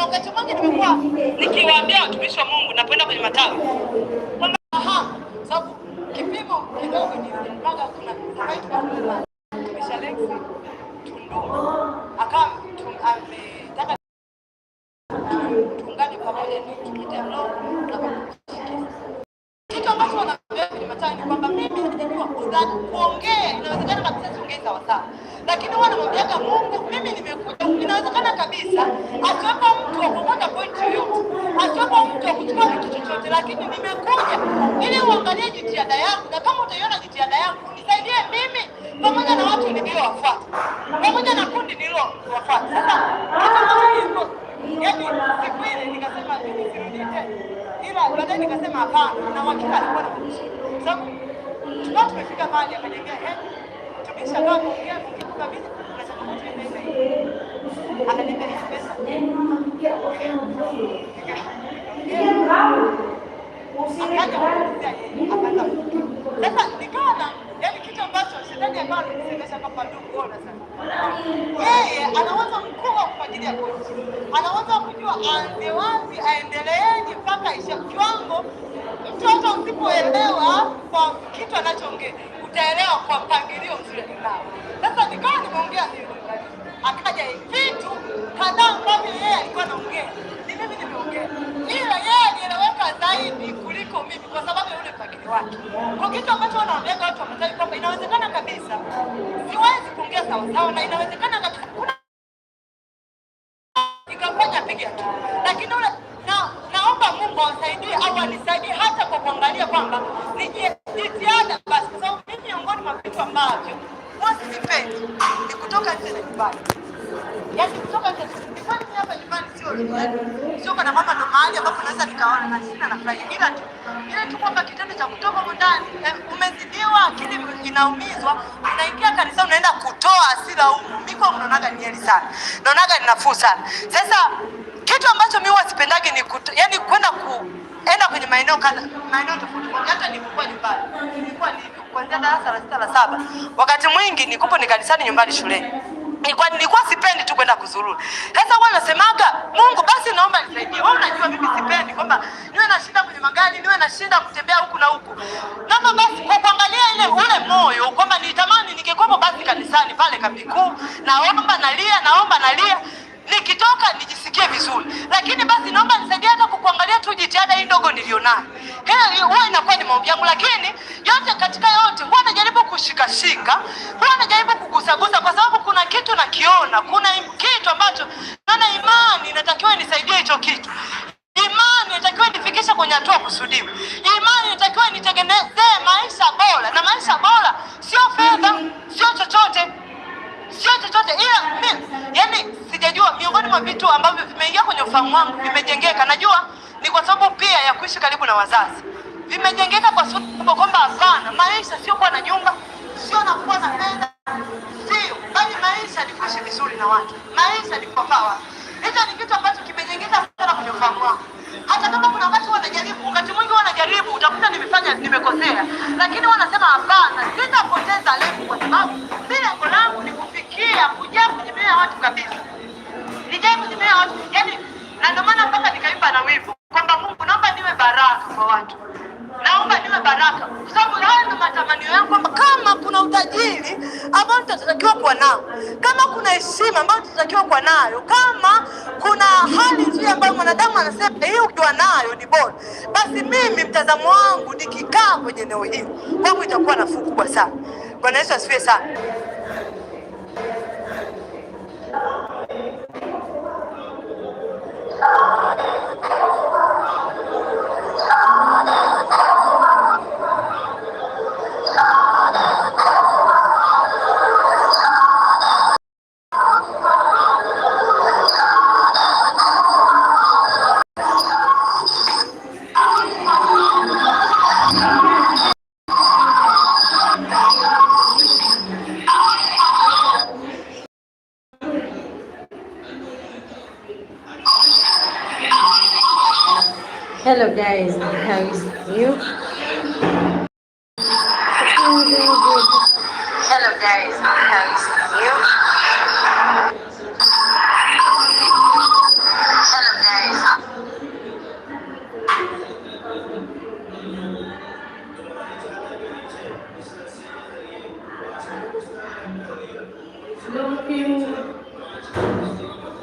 Wakati mwingi nimekuwa nikiwaambia watumishi wa Mungu napenda kwenye matawi kwamba sababu kipimo kidogo ni mpaka kuna tumesha Lexi Tunduma akawa ametaka ah, tuungane pamoja ndio tukitalo wanavyoona kwenye matawi ni kwamba mimi sijajua kuongea, inawezekana kabisa siongee sawasawa, lakini huwa namwambiaga Mungu mimi nimekuja. Inawezekana kabisa asiwepo mtu wa kuvuta point yoyote, asiwepo mtu wa kuchukua kitu chochote, lakini nimekuja ili uangalie jitihada yangu, na kama utaiona jitihada yangu nisaidie mimi pamoja na watu niliowafuata, pamoja na kundi nililowafuata. Sasa kitu yani siku ile nikasema, mimi tena ila baadaye nikasema hapana, na uhakika alikuwa na sababu tukawa tumefika mahali akajengea hema, eh, tumesha kaa kuongea kabisa na changamoto inaenda hivi, akaniambia pesa akaja ndani ya bara inasemesha kwamba kuona sasa, yeye anaweza mkuu wa kufuatilia kozi, anaweza kujua aanze wapi, aendeleeje mpaka isha kiwango. Mtoto usipoelewa kwa kitu anachoongea utaelewa kwa mpangilio mzuri nao. Sasa nikawa nimeongea hivi, akaja vitu kadhaa ambavyo yeye alikuwa anaongea ni mimi nimeongea, ila yeye alieleweka zaidi kuliko mimi kwa sababu ya ule mpangilio wake kwa kitu ambacho anaongea sawasawa, na inawezekana ikafanya piga tu, lakini na, naomba Mungu awasaidie au anisaidie hata kwa kuangalia kwamba ni jitihada basi, kwa sababu mimi miongoni mwa vitu ambavyo sipendi ni kutoka nje na nyumbani, yaani kutoka nje nyumbani. Hapa nyumbani sio nyumbani, sio kana kwamba ndo mahali ambapo naweza nikaona na sina nafurahi, ila tu ile tu kwamba kitendo cha kutoka ndani eh, umezidiwa, akili inaumizwa, inaingia muda huku miko mnaonaga ni sana, naonaga ni nafuu sana. Sasa kitu ambacho mimi wasipendagi ni kutu, yani kwenda enda kwenye maeneo kadha maeneo tofauti. Hata nilikuwa nyumbani, nilikuwa kuanzia darasa la sita la saba, wakati mwingi nikupo ni kanisani, nyumbani, shuleni nilikuwa nilikuwa sipendi tu kwenda kuzurura. Sasa wao unasemaga Mungu, basi naomba nisaidie. Wewe unajua mimi sipendi kwamba niwe na shida kwenye magari, niwe na shida kutembea huku na huku. Naomba basi kwa kuangalia ile ule moyo kwamba nitamani basi kanisani pale kapikuu, naomba nalia, naomba nalia nikitoka nijisikie vizuri, lakini basi naomba nisaidie hata kukuangalia tu jitihada hii ndogo nilionayo. Hiyo huwa inakuwa ni maombi yangu, lakini yote katika yote huwa najaribu kushikashika, huwa najaribu kugusagusa, kwa sababu kuna kitu nakiona, kuna kitu ambacho naona imani inatakiwa nisaidie hicho kitu, imani inatakiwa nifikishe kwenye hatua kusudiwa. vitu ambavyo vimeingia kwenye ufahamu wangu vimejengeka. Najua ni kwa sababu pia ya kuishi karibu na wazazi, vimejengeka kwa sababu kwamba hapana, maisha sio kuwa na nyumba, sio na kuwa na fedha, sio bali maisha ni kuishi vizuri na watu, maisha ni kuwakaa watu. Hicho ni kitu ambacho kimejengeka sana kwenye ufahamu wangu, hata kama kuna watu wanajaribu, wakati mwingi wanajaribu, utakuta nimefanya, nimekosea, lakini wanasema hapana, sitapoteza lengo kwa sababu mi lengo langu ni kufikia kujaa kwenye mioyo ya watu kabisa ni jambo nimeona yani, na ndio maana mpaka nikaipa na wimbo kwamba Mungu, naomba niwe baraka kwa watu, naomba niwe baraka, kwa sababu hayo ndio matamanio yangu, kwamba kama kuna utajiri ambao tutatakiwa kuwa nao, kama kuna heshima ambayo tutatakiwa kuwa nayo, kama kuna hali nzuri ambayo mwanadamu anasema hii ukiwa nayo ni bora, basi mimi mtazamo wangu nikikaa kwenye eneo hili kwangu itakuwa nafuu kubwa sana. Bwana Yesu asifiwe sana. Hello guys, how is you? Hello guys, how is you? Hello guys. Looking.